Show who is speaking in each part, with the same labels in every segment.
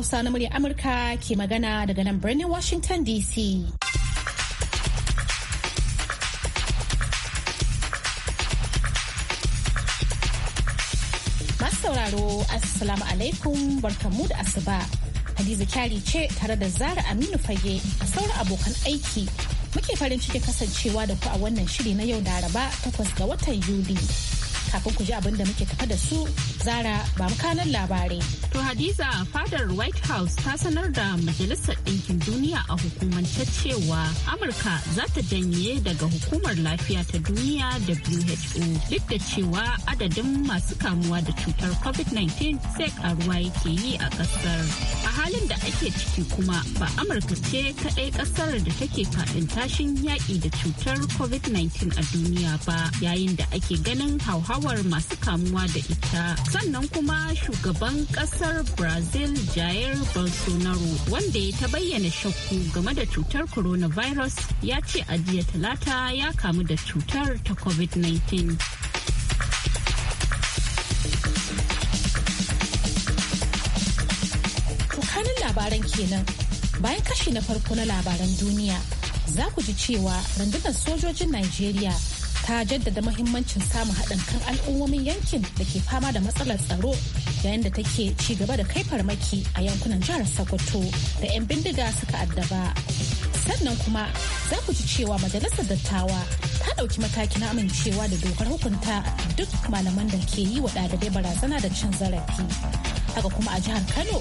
Speaker 1: Hausa na murya Amurka ke magana daga nan birnin Washington DC. Masu sauraro, Assalamu alaikum barkamu da asuba. Hadiza kyari ce tare da Zara Aminu Fage a sauran abokan aiki. Muke farin ciki kasancewa da ku a wannan shiri na yau Laraba takwas ga watan Yuli. Kafin ku ji abin da muke tafa da su, Zara ba mu kanan labarai. To Hadiza fadar White House ta sanar da Majalisar Ɗinkin Duniya a
Speaker 2: hukumance cewa Amurka za ta janye daga Hukumar Lafiya ta Duniya WHO duk da cewa adadin masu kamuwa da cutar COVID-19 sai karuwa yake yi a ƙasar. A halin da ake ciki kuma ba Amurka ce kaɗai ƙasar da take faɗin tashin yaƙi da cutar COVID-19 a duniya ba yayin da ake ganin hauhawar masu kamuwa da ita. Sannan kuma shugaban ƙasar kasar Brazil Jair Bolsonaro wanda ya ta bayyana shakku game da cutar coronavirus ya ce a jiya talata ya kamu da cutar ta
Speaker 1: COVID-19. Tukanin labaran kenan bayan kashi na farko na labaran duniya za ku ji cewa rundunar sojojin Najeriya ta jaddada mahimmancin samun haɗin kan al'ummomin yankin da ke fama da matsalar tsaro yayin da take ci gaba da kai farmaki a yankunan jihar Sokoto da 'yan bindiga suka addaba. Sannan kuma za ku ji cewa majalisar dattawa ta ɗauki mataki na amincewa da dokar hukunta duk malaman da ke yi wa ɗalibai barazana da cin zarafi. Haka kuma a jihar Kano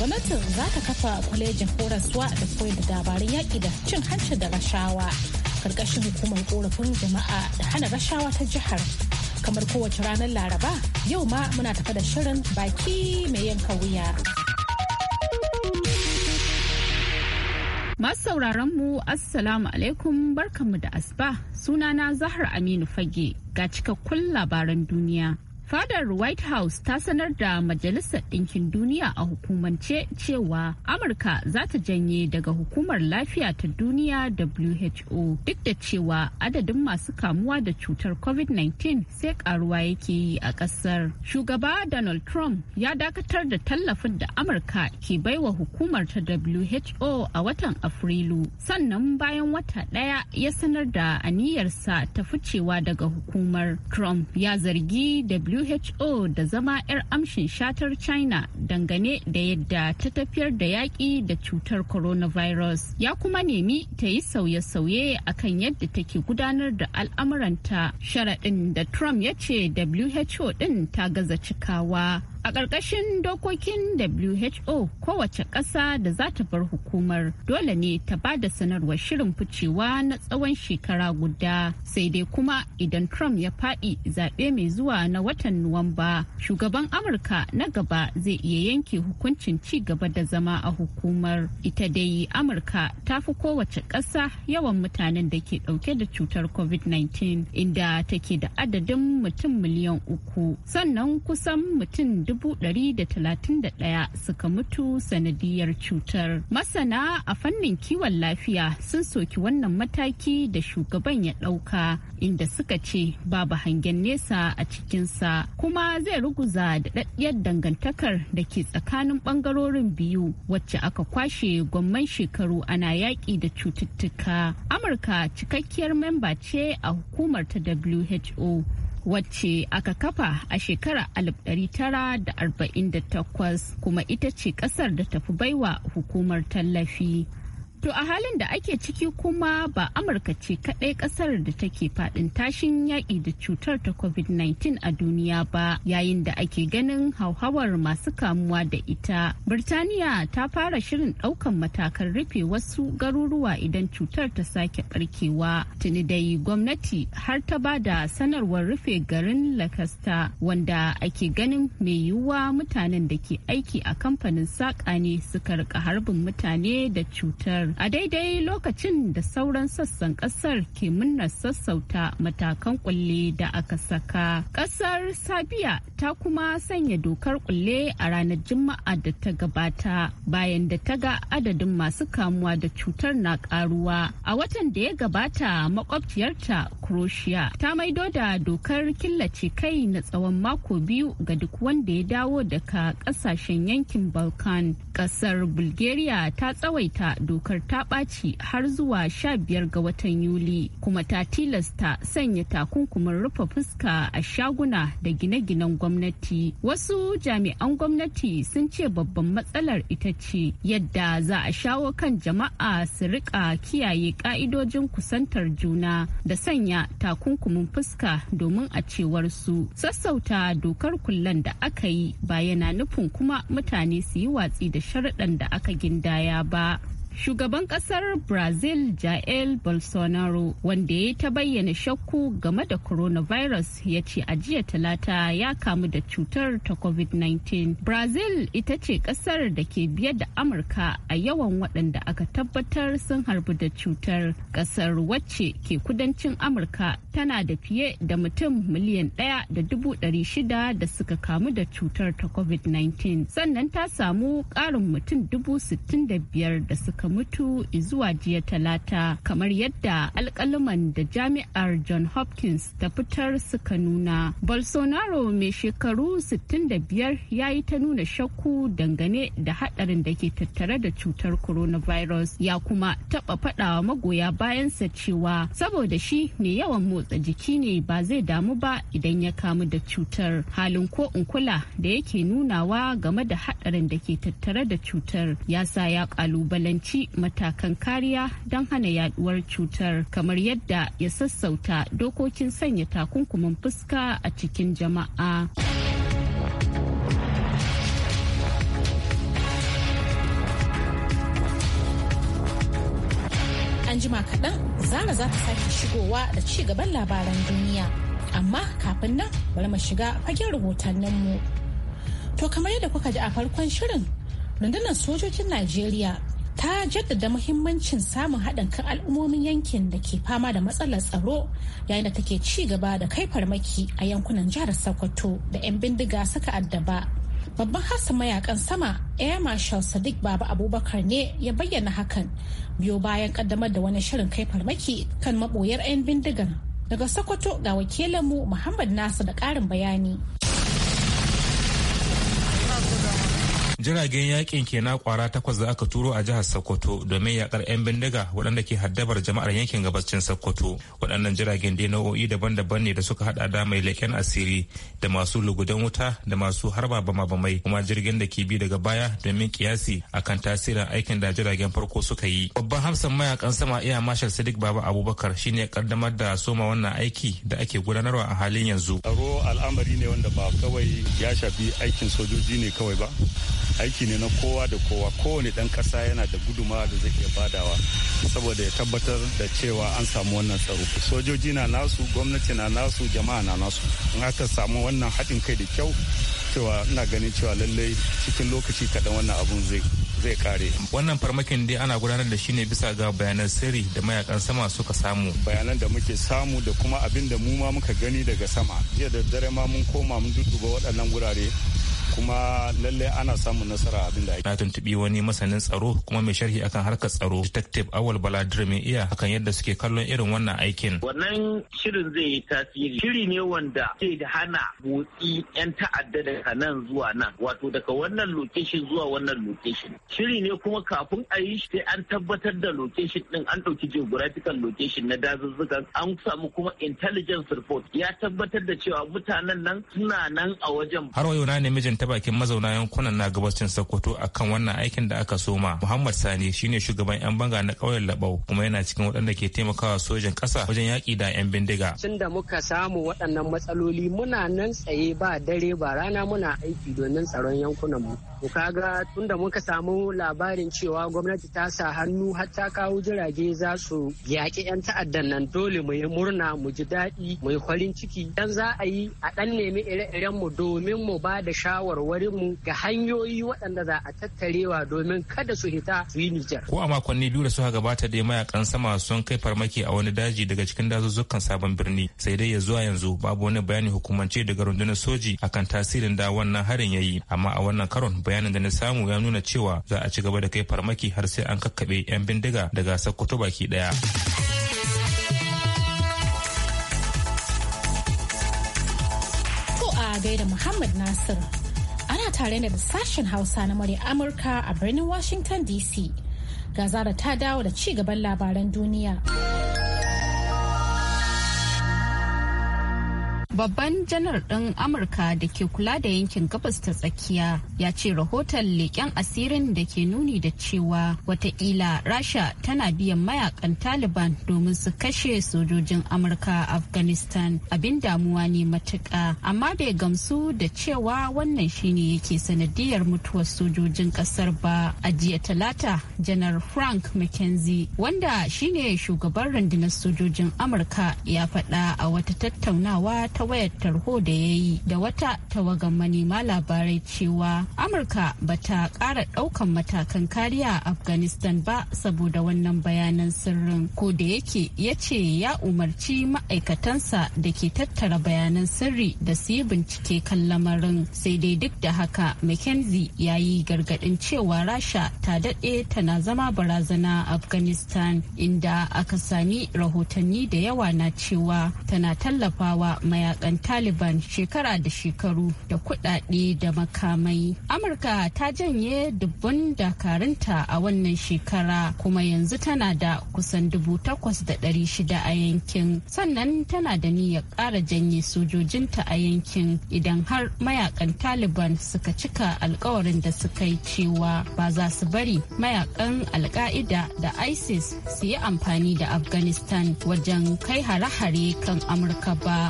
Speaker 1: gwamnatin za ta kafa kwalejin horaswa da koyar da dabarun yaƙi da cin hanci da rashawa. karkashin hukumar korafin jama'a da hana rashawa ta jihar kamar kowace ranar laraba yau ma muna tafa da shirin baki mai yanka wuya masu
Speaker 2: sauraron mu assalamu alaikum barkanmu da asba sunana zahar aminu fage ga cikakkun labaran duniya Fadar White House ta sanar da Majalisar Ɗinkin Duniya a hukumance cewa Amurka za ta janye daga Hukumar Lafiya ta Duniya WHO duk da cewa adadin masu kamuwa da cutar COVID-19 sai karuwa yake yi a ƙasar. Shugaba Donald Trump ya dakatar da tallafin da Amurka ke baiwa hukumar ta WHO a watan Afrilu. Sannan bayan wata ɗaya ya sanar da aniyarsa ta ficewa daga hukumar. Trump ya zargi WHO who da zama 'yar amshin shatar china dangane da yadda ta tafiyar da yaƙi da cutar coronavirus ya kuma nemi ta yi sauye-sauye a kan yadda take gudanar da al'amuranta sharaɗin da trump ya ce who ɗin ta gaza cikawa A ƙarƙashin dokokin WHO kowace ƙasa da za ta bar hukumar dole ne ta ba da sanarwar shirin ficewa na tsawon shekara guda sai dai kuma idan Trump ya faɗi zaɓe mai zuwa na watan Nuwamba shugaban Amurka na gaba zai iya yanke hukuncin ci gaba da zama a hukumar. Ita dai Amurka ta fi kowace ƙasa yawan mutanen da ke ɗauke da cutar COVID-19 inda take da adadin mutum miliyan uku sannan kusan mutum 131 suka mutu sanadiyar cutar. Masana a fannin kiwon lafiya sun soki wannan mataki da shugaban ya ɗauka inda suka ce babu hangen nesa a cikinsa kuma zai ruguza ɗaɗɗiyar dangantakar da ke tsakanin ɓangarorin biyu wacce aka kwashe gwamman shekaru ana yaƙi da cututtuka. Amurka cikakkiyar memba ce a hukumar ta WHO wacce aka kafa a shekarar 1948 kuma ita ce kasar da tafi baiwa hukumar tallafi To a halin da ake ciki kuma ba Amurka ce kaɗai ƙasar da take faɗin tashin yaƙi da cutar ta COVID-19 a duniya ba yayin da ake ganin hauhawar masu kamuwa da ita. Birtaniya ta fara shirin ɗaukan matakan rufe wasu garuruwa idan cutar ta sake ɓarkewa. Tuni dai gwamnati har ta ba da sanarwar rufe garin Lakasta wanda ake ganin mai yiwuwa mutanen da ke aiki a kamfanin saƙa ne suka rika harbin mutane da cutar. kasar a daidai lokacin da sauran sassan kasar ke munna sassauta matakan kulle da aka saka. Kasar Sabiya ta kuma sanya dokar kulle a ranar Juma'a da ta gabata bayan da ta ga adadin masu kamuwa da cutar na karuwa. A watan da ya gabata makwabciyarta Croatia ta maido da dokar killace kai na tsawon mako biyu ga duk wanda ya dawo daga kasashen yankin Balkan. Kasar Bulgaria ta tsawaita dokar ta ɓaci har zuwa 15 ga watan Yuli kuma ta tilasta sanya takunkumin rufe fuska a shaguna da gine-ginen gwamnati. Wasu jami'an gwamnati sun ce babban matsalar ita ce yadda za a shawo kan jama'a su riƙa kiyaye ka'idojin kusantar juna da sanya takunkumin fuska domin a cewar su sassauta dokar kullan da aka yi ba yana nufin kuma mutane su yi watsi da sharaɗan da aka gindaya ba. shugaban kasar brazil jael bolsonaro wanda ya ta bayyana shakku game da coronavirus ya ce a jiya talata ya kamu da cutar ta covid-19 brazil ita ce kasar da ke biye da amurka a yawan waɗanda aka tabbatar sun harbu da cutar kasar wacce ke kudancin amurka tana da fiye da mutum miliyan ɗaya da dubu ɗari shida da suka kamu da cutar ta covid-19 sannan ta samu ƙarin mutum dubu sittin da biyar da suka suka mutu zuwa jiya talata kamar yadda alkalaman da jami'ar john hopkins ta fitar suka nuna bolsonaro mai shekaru 65 ya yi ta nuna shakku dangane da hadarin da ke tattare da cutar coronavirus ya kuma taba faɗawa magoya bayansa cewa saboda shi mai yawan motsa jiki ne ba zai damu ba idan ya kamu da cutar halin ko in kula da yake nunawa game da hadarin da ke tattare da cutar ya sa ya kalubalanci ci matakan kariya don hana yaduwar cutar kamar yadda ya sassauta dokokin sanya takunkumin fuska a cikin jama'a.
Speaker 1: An jima kaɗan zara za ta sake shigowa da ci gaban labaran duniya. Amma kafin nan bari mu shiga fagen rahotanninmu. To kamar yadda kuka ji a farkon shirin rundunar sojojin Najeriya ta jaddada muhimmancin samun haɗin kan al'ummomin yankin da ke fama da matsalar tsaro yayin da take ci gaba da kai farmaki a yankunan jihar sokoto da 'yan bindiga suka addaba babban hasa mayakan sama air marshal sadiq baba abubakar ne ya bayyana hakan biyo bayan kaddamar da wani shirin kai farmaki kan maboyar 'yan bindigar daga sokoto ga wakilinmu muhammad nasu da ƙarin bayani
Speaker 3: jiragen yakin na kwara takwas da aka turo a jihar sokoto domin yakar 'yan bindiga waɗanda ke haddabar jama'ar yankin gabashin sokoto waɗannan jiragen dai nau'o'i daban-daban ne da suka hada da mai leƙen asiri da masu lugudan wuta da masu harba bama-bamai kuma jirgin da ke bi daga baya domin kiyasi akan tasirin aikin da jiragen farko suka yi babban hamsan mayakan sama iya marshal sadiq baba abubakar shine kaddamar da soma wannan aiki da ake gudanarwa a halin yanzu tsaro al'amari ne wanda ba kawai ya shafi aikin sojoji ne kawai ba aiki ne na kowa da kowa kowane dan kasa yana da guduma da zai iya badawa saboda ya tabbatar da cewa an samu wannan tsaro sojoji na nasu gwamnati na nasu jama'a na nasu in aka samu wannan haɗin kai da kyau cewa ina ganin cewa lallai cikin lokaci kaɗan wannan abun zai zai kare. Wannan farmakin dai ana gudanar da shi ne bisa ga bayanan sirri da mayakan sama suka samu. Bayanan da muke samu da kuma abin da mu ma muka gani daga sama. Jiya da dare ma mun koma mun dudduba waɗannan wurare kuma lalle ana samun nasara abin da ake. Na tuntubi wani masanin tsaro kuma mai sharhi akan harkar tsaro detective Awal bala mai iya akan yadda suke kallon irin wannan aikin.
Speaker 4: Wannan shirin zai yi tasiri. Shiri ne wanda zai da hana motsi 'yan ta'adda daga nan zuwa nan wato daga wannan location zuwa wannan location. Shiri ne kuma kafin a yi shi sai an tabbatar da location din an ɗauki geographical location na dazuzzukan an samu kuma intelligence report ya tabbatar da cewa mutanen nan suna nan a wajen. Har wayo
Speaker 3: na ne mijinta bakin mazauna yankunan na gabashin Sokoto akan wannan aikin da aka soma. Muhammad Sani shine shugaban 'yan banga na ƙauyen Labau kuma yana cikin waɗanda ke taimakawa sojan ƙasa wajen yaƙi da 'yan bindiga.
Speaker 5: Tun da muka samu waɗannan matsaloli muna nan tsaye ba dare ba rana muna aiki domin tsaron yankunan mu. ku kaga tunda muka samu labarin cewa gwamnati ta sa hannu har ta kawo jirage za su yaƙi 'yan ta'addan nan dole mu yi murna mu ji daɗi mu yi farin ciki. Dan za a yi a ɗan nemi ire-iren mu domin mu ba da shawarwarin mu ga hanyoyi waɗanda za a tattarewa domin kada su hita su yi Nijar.
Speaker 3: Ko a makonni biyu da suka gabata dai mayakan sama sun kai farmaki a wani daji daga cikin dazuzzukan sabon birni sai dai ya zuwa yanzu babu wani bayani hukumance daga rundunar soji akan tasirin da wannan harin ya yi amma a wannan karon bayanin da na samu ya nuna cewa za a ci gaba da kai farmaki har sai an kakkaɓe 'yan bindiga daga sokoto baki ɗaya.
Speaker 1: gaida Muhammad Nasir. Ana tare da sashen Hausa na murya Amurka a birnin Washington DC. Gaza da ta dawo da ci gaban labaran duniya.
Speaker 2: Babban janar ɗin Amurka da ke kula da yankin gabas ta tsakiya ya ce rahoton leƙen asirin da ke nuni da cewa watakila Rasha tana biyan mayakan Taliban domin su kashe sojojin Amurka Afghanistan abin damuwa ne matuƙa amma bai gamsu da cewa wannan shine yake sanadiyar mutuwar sojojin ƙasar ba a jiya talata janar Frank McKenzie wanda shine shugaban rundunar sojojin Amurka ya faɗa a wata tattaunawa ta wayar tarho da ya yi da wata tawagan manema labarai cewa amurka ba ta kara daukan matakan kariya a afghanistan ba saboda wannan bayanan sirrin ko da yake ya ce ya umarci ma'aikatansa da ke tattara bayanan sirri da su yi bincike kan lamarin sai dai duk da haka mckenzie ya yi gargadin cewa rasha ta daɗe tana zama barazana afghanistan inda aka sami rahotanni da yawa na cewa tana tallafawa mayaƙa. mayakan Taliban shekara da shekaru da kuɗaɗe da makamai. Amurka ta janye dubban dakarunta a wannan shekara kuma yanzu tana da kusan dubu takwas da ɗari shida a yankin. Sannan tana da niyyar ƙara janye sojojinta a yankin idan har mayakan Taliban suka cika alkawarin da suka yi cewa ba za su bari mayakan alka'ida da ISIS su yi amfani da Afghanistan wajen kai hare-hare kan Amurka ba.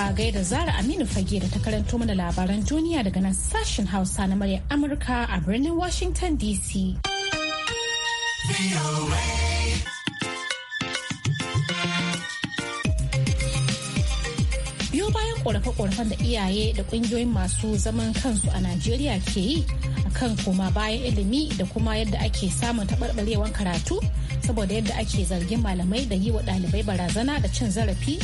Speaker 1: a gaida zara aminu fage da ta karanto mana labaran duniya daga nan sashen hausa na murya amurka a birnin washington dc biyo bayan korafe-korafen da iyaye da kungiyoyin masu zaman kansu a najeriya ke yi akan kan koma bayan ilimi da kuma yadda ake samun taɓarɓarewar karatu saboda yadda ake zargin malamai da yi wa ɗalibai barazana da cin zarafi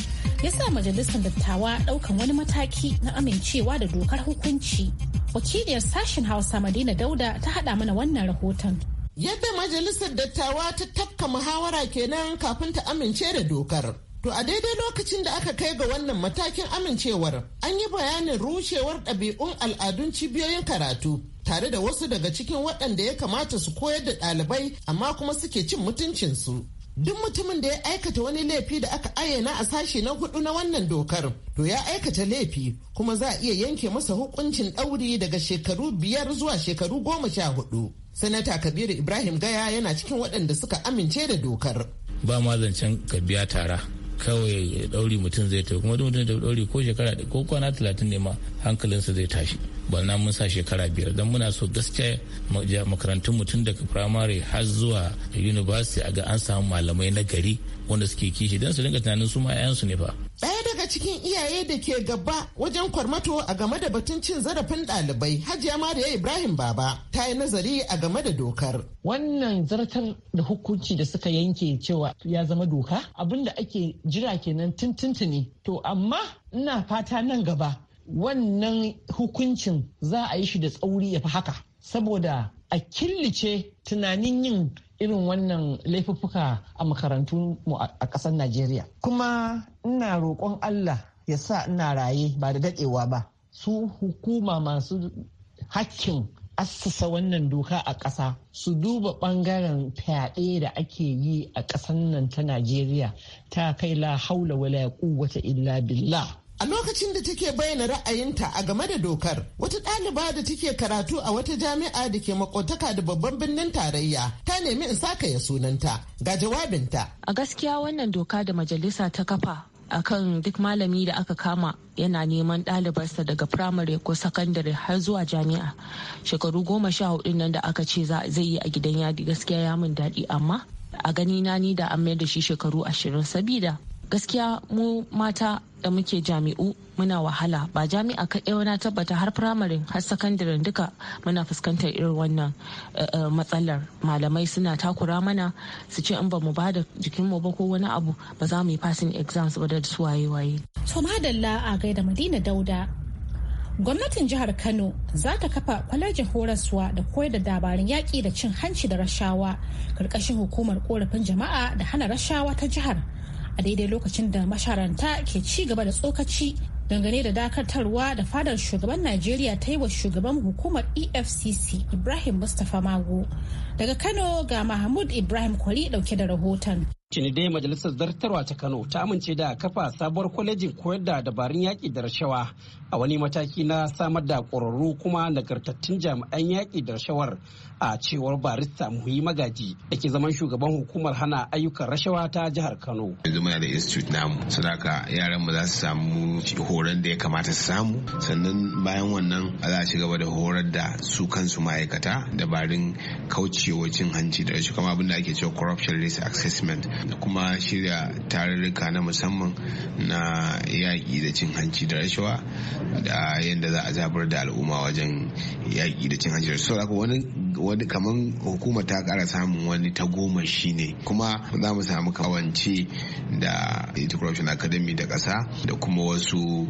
Speaker 1: ya sa majalisar dattawa ɗaukan wani mataki na amincewa da dokar hukunci wakiliyar sashen hausa madina dauda ta haɗa mana wannan rahoton yadda majalisar dattawa ta tafka muhawara
Speaker 4: kenan kafin ta amince da dokar To a daidai lokacin da aka kai ga wannan matakin amincewar an yi bayanin rushewar ɗabi'un al'adun cibiyoyin karatu tare da wasu daga cikin waɗanda ya kamata su koyar da ɗalibai amma kuma suke cin mutuncinsu. Duk mutumin da ya aikata wani laifi da aka ayyana a sashe na hudu na wannan dokar, to ya aikata laifi kuma za a iya yanke masa hukuncin ɗauri daga shekaru biyar zuwa shekaru goma sha hudu. Sanata Kabiru Ibrahim Gaya yana cikin waɗanda suka amince da dokar.
Speaker 3: Ba ma zancen ka biya tara. kawai ɗauri mutum zai tafi kuma duk mutum da ɗauri ko shekara ko kwana talatin ne ma hankalinsa zai tashi barna mun sa shekara biyar don muna so gaskiya makarantun mutum daga firamare har zuwa university a ga an samu malamai na gari wanda suke kishi don su dinga tunanin su ma 'ya'yansu ne fa.
Speaker 4: Daya daga cikin iyaye da ke gaba wajen kwarmato a game da batun cin zarafin ɗalibai Hajiya Mariya Ibrahim Baba ta yi nazari a game da dokar. Wannan zartar da hukunci da suka yanke cewa ya zama doka abinda ake jira kenan tun to amma ina fata nan gaba wannan hukuncin za a yi shi da tsauri ya fi haka saboda a killace tunanin yin irin wannan laifuffuka a makarantu mu a ƙasar Najeriya. Kuma ina roƙon Allah ya sa ina raye ba da daɗewa ba. Su hukuma masu hakkin assasa wannan doka a ƙasa su duba ɓangaren fyaɗe da ake yi a ƙasar nan ta Najeriya ta kai la haula wala wata illa billah. A lokacin da take bayyana ra'ayinta a game da dokar, wata ɗaliba da take karatu a wata jami'a da ke makotaka da babban birnin tarayya ta nemi in saka ya sunanta ga jawabinta.
Speaker 2: A gaskiya wannan doka da majalisa ta kafa akan duk malami da aka kama yana neman ɗalibarsa daga firamare ko sakandare har zuwa jami'a shekaru goma sha hudu nan da aka ce zai yi a gidan yadi gaskiya ya mun daɗi amma a gani na ni da an mayar da shi shekaru ashirin sabida gaskiya mu mata da muke jami'u muna wahala ba jami'a kaɗai na tabbata har firamare har sakandaren duka muna fuskantar irin wannan eh, eh, matsalar malamai suna takura mana su ce in ba mu ba da jikinmu ba ko wani abu ba za mu yi passing exams ba da su waye waye.
Speaker 1: to madalla a gaida madina dauda gwamnatin jihar kano za ta kafa kwalejin horaswa da koyar da dabarun yaƙi da cin hanci da rashawa karkashin hukumar korafin jama'a da hana rashawa ta jihar a daidai lokacin da masharanta ke ci gaba da tsokaci dangane da dakatarwa da fadar shugaban najeriya ta yi wa shugaban hukumar efcc ibrahim mustapha mago daga kano ga mahmud ibrahim kwali dauke da rahoton
Speaker 6: cini dai majalisar zartarwa ta Kano ta amince da kafa sabuwar kwalejin koyar da dabarun yaƙi da rashawa a wani mataki na samar da ƙwararru kuma nagartattun jami'an yaƙi da rashawar a cewar barista muhi magaji da ke zaman shugaban hukumar hana ayyukan rashawa ta jihar
Speaker 7: kano yanzu muna da institute namu sadaka yaran mu za su samu horon da ya kamata su samu sannan bayan wannan a za a ci gaba da horar da su kansu ma'aikata dabarun kaucewa cin hanci da rashin kama abin da ake cewa corruption risk assessment da kuma shirya tarurruka na musamman na yaƙi da cin hanci da rashawa da yadda za a zabar da al'umma wajen yaƙi da cin hanci da wani kaman hukuma ta kara samun wani tagomashi ne kuma za mu samu kawance da anti academy da kasa da kuma wasu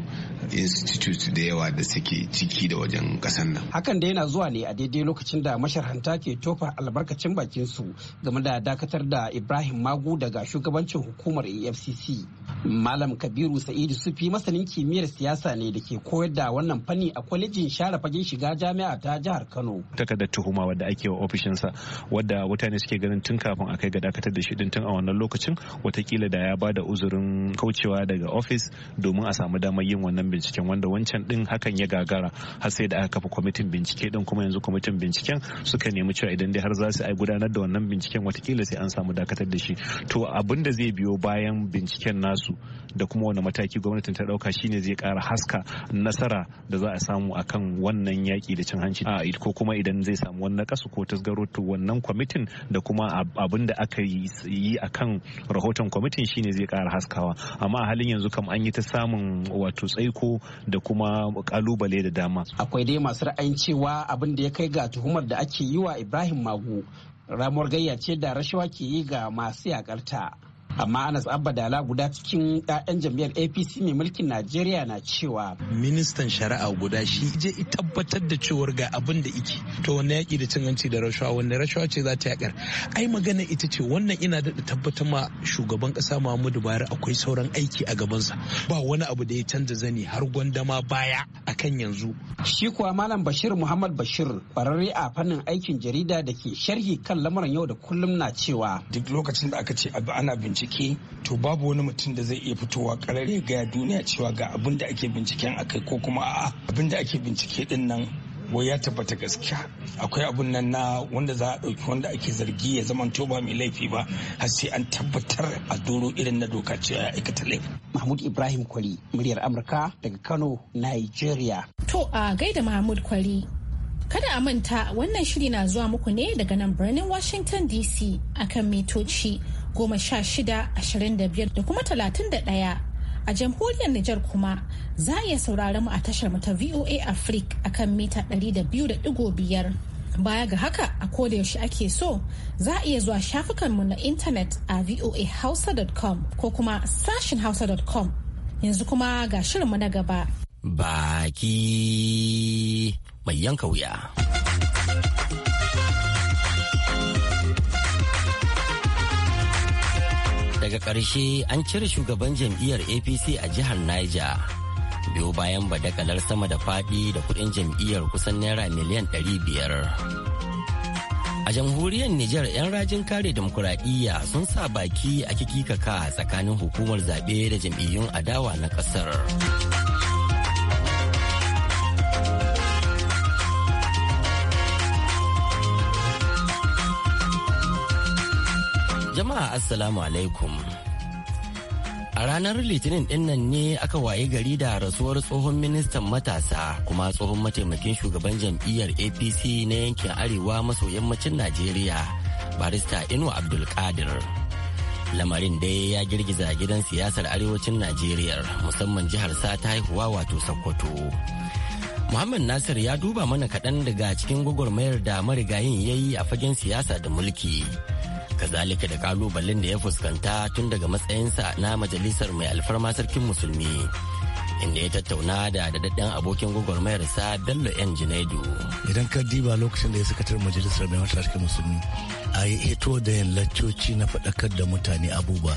Speaker 7: institute da yawa da suke ciki da wajen kasan nan
Speaker 6: hakan da yana zuwa ne a daidai lokacin da masharhanta ke tofa albarkacin bakin su game da dakatar da ibrahim magu daga shugabancin hukumar efcc malam kabiru sa'idu sufi masanin kimiyyar siyasa ne da ke koyar da wannan fanni a kwalejin share fagen shiga jami'a ta jihar
Speaker 3: kano takardar tuhuma wadda da ake wa ofishinsa wadda mutane suke ganin tun kafin a kai ga dakatar da shi din tun a wannan lokacin watakila da ya ba da uzurin kaucewa daga ofis domin a samu damar yin wannan binciken wanda wancan din hakan ya gagara har sai da aka kafa kwamitin bincike din kuma yanzu kwamitin binciken suka nemi cewa idan dai har za su ai gudanar da wannan binciken watakila sai an samu dakatar da shi to abin da zai biyo bayan binciken nasu da kuma wani mataki gwamnatin ta dauka shine zai kara haska nasara da za a samu akan wannan yaki da cin hanci a ko kuma idan zai samu wannan kasu ko tasgarotu wannan kwamitin da kuma abin da aka yi a kan rahoton kwamitin shine zai kara haskawa amma a halin yanzu kam an yi ta samun wato tsaiko da kuma kalubale da dama
Speaker 6: akwai dai masu ra'ayin cewa abin da ya kai ga tuhumar da ake yi wa ibrahim magu ramuwar gayya ce da rashawa ke yi ga masu yakarta amma anas abba dala guda cikin 'ya'yan jam'iyyar apc mai mulkin najeriya na
Speaker 7: cewa ministan shari'a guda shi je tabbatar da cewar ga abin da iki to wannan yaƙi da cin hanci da rashawa wanda rashawa ce za ta yakar ai magana ita ce wannan ina daɗa tabbatar ma shugaban ƙasa muhammadu buhari akwai sauran aiki a gabansa ba wani abu da ya canza zani har gwandama baya akan yanzu shi kuwa malam bashir muhammad bashir ƙwararre
Speaker 6: a fannin aikin jarida da ke sharhi kan lamuran yau da kullum na cewa duk lokacin da aka ce abu
Speaker 3: ana bincike to babu wani mutum da zai iya fitowa kararre ga duniya cewa ga abin da ake binciken akai ko kuma a'a abin da ake bincike din nan wai ya tabbata gaskiya akwai abun nan na
Speaker 7: wanda za a ɗauki wanda ake zargi ya zama ba mai laifi ba har sai an tabbatar a doro irin na doka cewa ya aikata laifi.
Speaker 6: Mahmud Ibrahim Kwari muryar Amurka daga Kano, Nigeria.
Speaker 1: To a gaida Mahmud Kwari Kada a manta wannan shiri na zuwa muku ne daga nan birnin Washington DC akan mitoci goma sha shida ashirin da biyar da kuma talatin da ɗaya. A jamhuriyar Nijar kuma za a iya saurari mu a tashar mu ta VOA Africa akan mita 200.5. baya ga haka a yaushe ake so za a iya zuwa shafukan mu na intanet a voahausa.com ko kuma sashin hausa.com yanzu kuma ga shirinmu na gaba
Speaker 5: baki mai yanka wuya daga ƙarshe an cire shugaban jam'iyyar apc a jihar niger biyo bayan badakalar sama da faɗi da kuɗin jam'iyyar kusan naira miliyan 500 a jamhuriyar niger 'yan rajin kare demokuraɗiyya sun sa baki a kikikaka tsakanin hukumar zaɓe da jam'iyyun adawa na ƙasar. Jama'a Assalamu alaikum. A ranar Litinin dinnan ne aka waye gari da rasuwar tsohon ministan matasa kuma tsohon mataimakin shugaban jam'iyyar APC na yankin Arewa maso yammacin Najeriya, barista Inu Abdulkadir. Lamarin dai ya girgiza gidan siyasar arewacin Najeriya musamman jihar sa ta haihuwa wato Sokoto. Muhammad Nasir ya duba mana kaɗan daga cikin gwagwarmayar da marigayin ya yi a fagen siyasa da mulki. kazalika da kalubalen da ya fuskanta tun daga matsayinsa na majalisar mai alfarma sarkin musulmi inda ya tattauna da dadadden abokin gwagwarmayarsa bello yan junaidu
Speaker 8: idan ka diba lokacin da ya sakatar majalisar mai alfarma sarkin musulmi a yi hito da yin laccoci na faɗakar da mutane abubuwa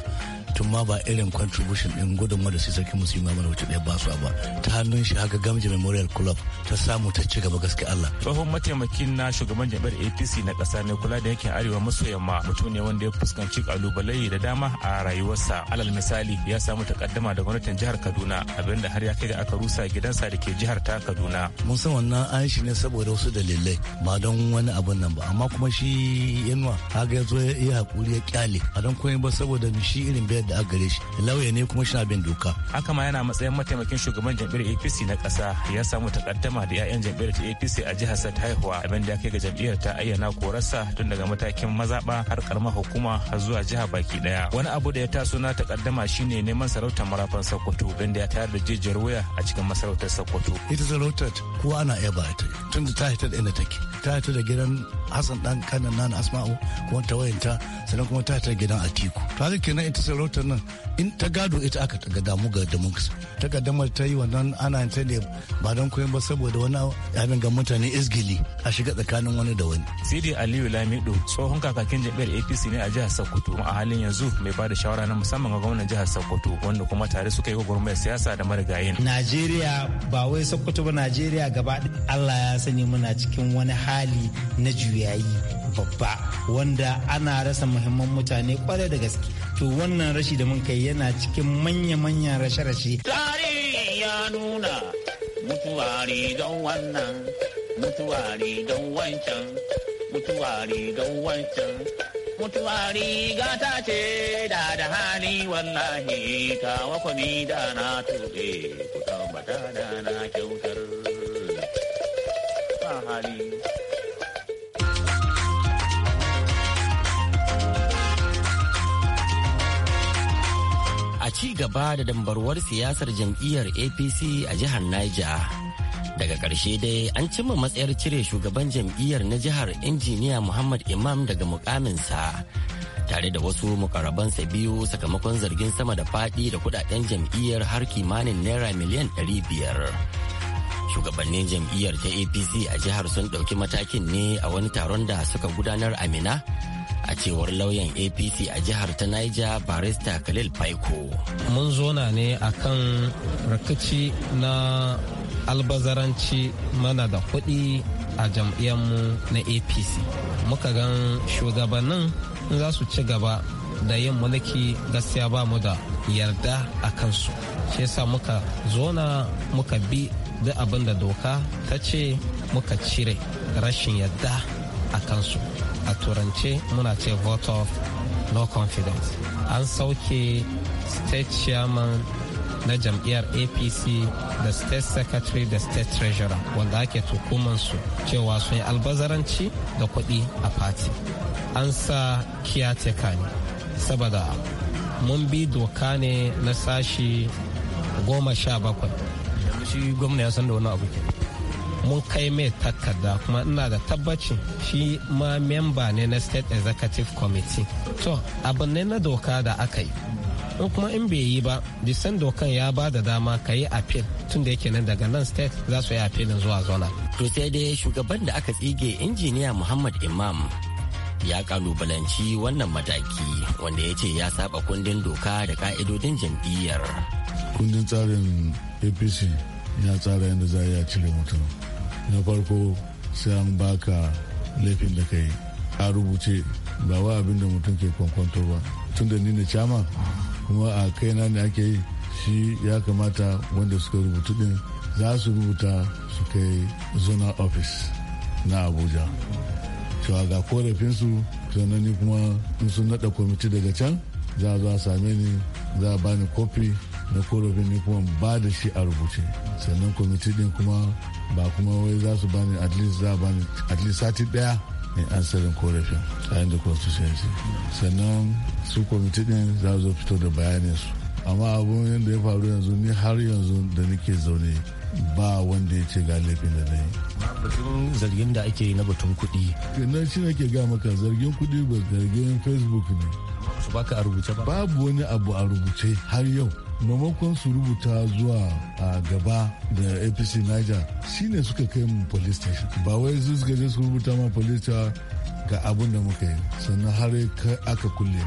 Speaker 8: tun ma ba irin contribution din gudunmu da su sarki musulmi mana wuce ɗaya ba su ba ta hannun shi haka gamji memorial club ta samu ta ci gaba gaske allah
Speaker 3: tsohon mataimakin na shugaban jami'ar apc na ƙasa ne kula da yankin arewa maso yamma mutum ne wanda ya fuskanci kalubale da dama a rayuwarsa alal misali ya samu takaddama da gwamnatin jihar kaduna abinda har ya kai da aka rusa gidansa da ke jihar ta kaduna
Speaker 8: mun san wannan an shi ne saboda wasu dalilai ba don wani abun nan ba amma kuma shi yanwa haka ya zo ya hakuri ya kyale a don koyi ba saboda shi irin biyar da aka gare shi lauya ne kuma shina bin doka
Speaker 3: haka ma yana matsayin mataimakin shugaban jam'iyyar apc na ƙasa ya samu takaddama da 'ya'yan jam'iyyar ta apc a jihar sa haihuwa abin da ya kai ga jam'iyyar ta ayyana korarsa tun daga matakin mazaɓa har karamar hukuma har zuwa jiha baki ɗaya wani abu da ya taso na takaddama shine neman sarautar marafan sokoto don da ya tayar da jijiyar wuya a cikin masarautar sokoto
Speaker 8: ita sarautar kowa ana iya ba ta tun da ta hita da take ta hita da gidan hassan dan kanan nan asma'u kuma ta wayanta sannan kuma ta hita gidan atiku ta kenan ita sarautar ta nan in ta gado ita aka ta damu ga damun kasa ta gaddamar ta yi wannan ana ta ne ba don koyon ba saboda wani abin ga mutane isgili a shiga tsakanin wani da wani.
Speaker 3: Sidi Aliyu Lamido tsohon kakakin jami'ar APC ne a jihar Sokoto a halin yanzu mai ba da shawara na musamman ga gwamnan jihar Sokoto wanda kuma tare suka yi gwamnati siyasa da marigayin.
Speaker 5: Najeriya
Speaker 7: ba wai Sokoto ba Najeriya gaba Allah ya sani muna cikin wani hali na juyayi babba wanda ana rasa muhimman mutane kwarai da gaske to wannan rashi da mun kai yana cikin manya-manyan rashe-rashe
Speaker 5: ya nuna mutuwari don wannan mutuwari don wancan mutuwari don wancan
Speaker 9: mutuwari gata ce da da
Speaker 5: hali wallahi kawa kwami da na ku da na kyautar hali ci gaba da dambarwar siyasar jam'iyyar apc a jihar niger daga ƙarshe dai an cimma matsayar cire shugaban jam'iyyar na jihar injiniya muhammad imam daga mukaminsa tare da wasu mukarabansa biyu sakamakon zargin sama da faɗi da kudaden jam'iyyar har kimanin naira miliyan 500 shugabannin jam'iyyar ta apc a jihar sun ɗauki matakin ne a wani taron da suka gudanar Amina? a cewar lauyan apc a jihar ta niger barista khalil paiko
Speaker 7: mun zona ne a kan rikici na albazaranci mana da kuɗi a jam'iyyarmu na apc muka gan shugabannin za su ci gaba da yin mulki gaskiya ba mu da yarda a kansu shi yasa muka zona muka bi duk abin da doka ta ce muka cire rashin yarda a kansu a turance muna ce vote of no confidence an sauke state chairman na jam'iyyar apc da state secretary da state treasurer wanda ake tukumansu cewa sun yi albazaranci da kuɗi a party an sa kiyateka ne saboda mun bi doka ne na sashi goma sha bakwai shi gwamna ya san da wani abu mun kai mai takarda kuma ina da tabbaci shi ma memba ne na state executive committee to abin ne na doka da aka yi in kuma in bai yi ba disan dokan ya ba da dama ka yi appeal tun da yake nan daga nan state za su yi appeal zuwa zona
Speaker 5: to sai dai shugaban da aka tsige injiniya muhammad imam ya kalubalanci wannan mataki wanda ya ce ya saba kundin doka da ka'idodin jam'iyyar
Speaker 9: kundin tsarin apc ya tsara yadda za a cire mutum na farko sai an baka laifin da ka a rubuce ba wa abin da mutum ke kwankwanto ba tun da ni na cama kuma a kaina ne ake yi shi ya kamata wanda suka rubutu din za su rubuta su kai zona office na abuja cewa ga korafinsu sannan ni kuma in sun nada kwamiti daga can za a same ni za a bani kofi na korafin ne kuma ba da shi a rubuce sannan kwamiti din kuma ba kuma wai za su bani at least za bani at sati daya ne an sarin korafin tsarin da constituency sannan su kwamiti din za zo fito da bayanin su amma abun yadda ya faru yanzu ni har yanzu da nake zaune ba wanda ya ce ga laifin da na yi. zargin da ake na batun kuɗi. na shi nake ga maka zargin kuɗi ba zargin facebook ne. su baka a rubuce ba. babu wani abu a rubuce har yau maimakon su rubuta zuwa a gaba da apc niger shine suka kai mu police station ba wai su suka je su rubuta ma police ga abin da muka yi sannan har aka kulle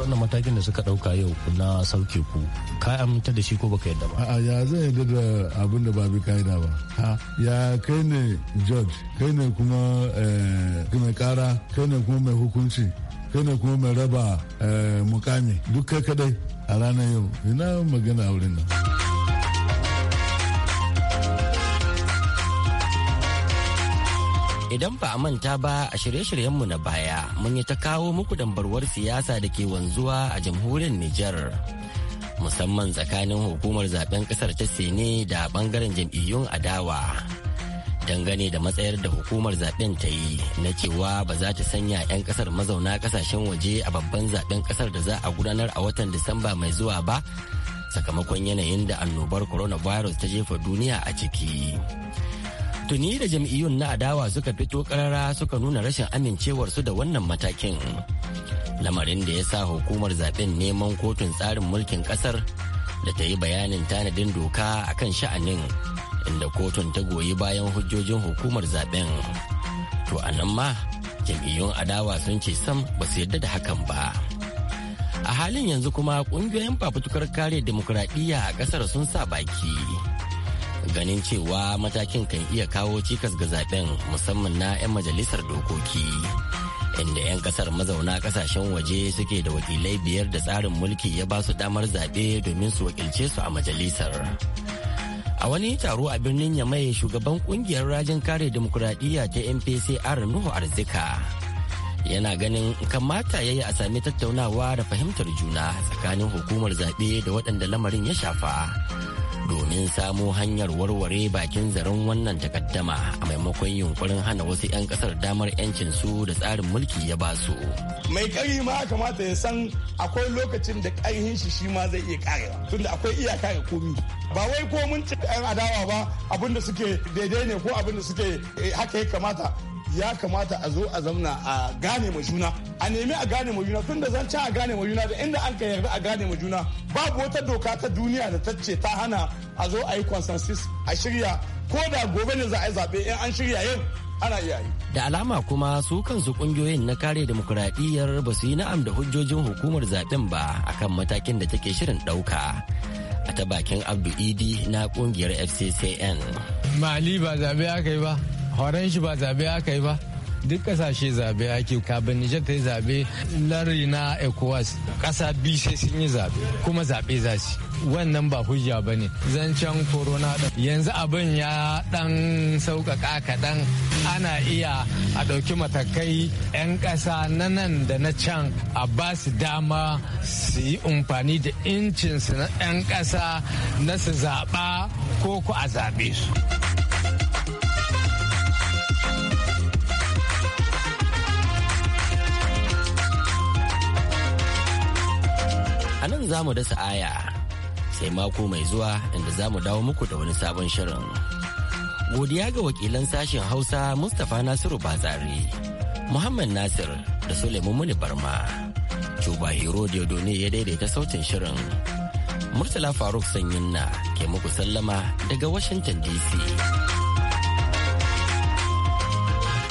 Speaker 9: wannan matakin
Speaker 5: da suka dauka yau na sauke ku ka aminta da shi ko baka yadda
Speaker 9: ba a ya zai yadda da abin da ba bi ka'ida ba ha ya kai ne judge kai ne kuma eh, mai kara kai ne kuma mai hukunci kai ne kuma mai raba eh, mukami duk kai kadai a ranar yau ina magana wurin nan idan ba a manta
Speaker 5: ba a shirye-shiryenmu na baya mun yi ta kawo muku dambarwar siyasa da ke wanzuwa a jamhuriyar Nijar. musamman tsakanin hukumar zaben kasar ta sene da bangaren jam'iyyun adawa dangane da matsayar da hukumar zaben ta yi na cewa ba za ta sanya 'yan kasar mazauna kasashen waje a babban zaben kasar da za a gudanar a watan disamba mai zuwa ba sakamakon yanayin da annobar coronavirus ta jefa duniya a ciki tuni da jam'iyyun na adawa suka fito karara suka nuna rashin amincewarsu da wannan matakin lamarin da ya sa hukumar zaben neman kotun tsarin mulkin kasar da ta yi bayanin tanadin doka akan sha'anin inda kotun ta goyi bayan hujjojin hukumar zaben to a nan ma jam'iyyun adawa sun ce sam ba su yarda da hakan ba a halin yanzu kuma kungiyoyin fafutukar kare demokuraɗiyya a ƙasar sun sa baki ganin cewa matakin kan iya kawo cikas ga zaben musamman na 'yan majalisar dokoki inda 'yan kasar mazauna kasashen waje suke da wakilai biyar da tsarin mulki ya ba su damar zaɓe domin su wakilce su a majalisar a wani taro a birnin yamai shugaban kungiyar rajin kare demokuraɗiyya ta mpcr nuhu arzika yana ganin kamata ya yi a sami tattaunawa da fahimtar juna tsakanin hukumar zaɓe da waɗanda lamarin ya shafa domin samo hanyar warware bakin zaren wannan takaddama a maimakon yunkurin hana wasu 'yan kasar damar
Speaker 8: 'yancin su da tsarin mulki ya ba su. Mai kari ma kamata ya san akwai lokacin da karhin shi shi ma zai iya kare tunda akwai iyaka ga komi. Ba wai ko mun ci 'yan adawa ba abinda suke daidai ne ko abinda suke eh, haka ya kamata ya kamata a zo a zamna a gane ma juna a nemi a gane ma juna tun da zan can a gane ma juna da inda an ka yarda a gane ma juna babu wata doka ta duniya da ta ce ta hana a zo a yi consensus a shirya ko da gobe ne za a yi zaɓe in an shirya yin ana iya yi.
Speaker 5: Da alama kuma su kansu kungiyoyin na kare demokuraɗiyyar ba su yi na'am da hujjojin hukumar zaɓen ba akan matakin da take shirin ɗauka. A ta bakin Abdu Idi na kungiyar FCCN.
Speaker 7: Mali ba zaɓe aka yi ba. horon shi ba zabe aka yi ba duk kasashe zabe ake kabin nijar ta yi zabe lari na ecowas kasa biyu sai sun yi zabe kuma zabe za su wannan ba hujja ba ne zancen corona yanzu abin ya ɗan sauƙaƙa kaɗan ana iya a ɗauki matakai 'yan ƙasa na nan da na can a ba su dama su yi amfani da incinsu na 'yan ƙasa na su zaɓa ko ku
Speaker 3: a zaɓe su.
Speaker 5: za mu dasa aya sai mako mai zuwa inda za mu dawo muku da wani sabon shirin. Godiya ga wakilan sashen Hausa Mustapha Nasiru Batsari, Muhammad Nasir da Suleiman Muni Barma. Cuba Hero Diodone ya daidaita sautin shirin. Murtala Faruk Sanyin na ke muku sallama daga Washington DC.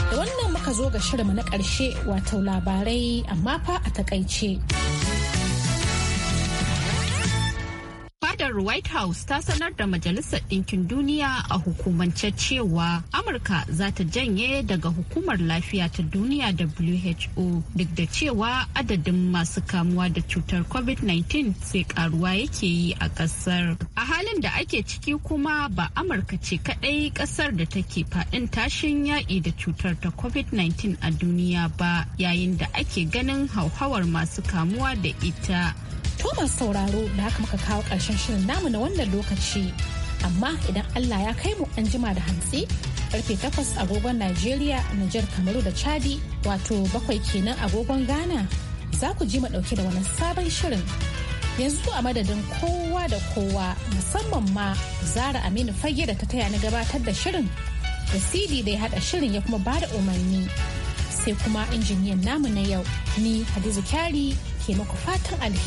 Speaker 1: Da wannan muka zo ga shirinmu na ƙarshe wato labarai amma fa a takaice. fadar white house ta sanar da majalisar dinkin
Speaker 2: duniya a hukumance cewa amurka za ta janye daga hukumar lafiya ta duniya who duk da cewa adadin masu kamuwa da cutar covid-19 sai karuwa yake yi a kasar. a halin da ake ciki kuma ba amurka ce kadai kasar da take faɗin tashin yaƙi da cutar ta covid-19 a duniya ba yayin da ake ganin hauhawar masu kamuwa da ita
Speaker 1: Thomas sauraro da haka muka kawo ƙarshen shirin namu na wannan lokaci. Amma idan Allah ya kai mu an jima da hantsi karfe takwas agogon Najeriya, Nijar, Kamaru da Chadi wato bakwai kenan agogon Ghana za ku ji mu ɗauke da wani sabon shirin. Yanzu a madadin kowa da kowa musamman ma Zara Aminu fage da ta taya na gabatar da shirin da CD da ya haɗa shirin ya kuma ba da umarni. Sai kuma injiniyan namu na yau ni hadizu Kyari ke muku fatan alheri.